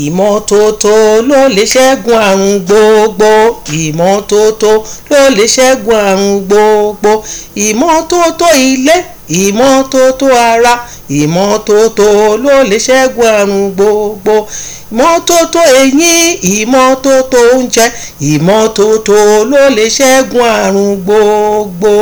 ìmọ́tótó ló lè ṣẹ́gun àrùn gbogbo ìmọ́tótó ló lè ṣẹ́gun àrùn gbogbo ìmọ́tótó ilé ìmọ́tótó ara ìmọ́tótó ló lè ṣẹ́gun àrùn gbogbo ìmọ́tótó eyín ìmọ́tótó oúnjẹ ìmọ́tótó ló lè ṣẹ́gun àrùn gbogbo.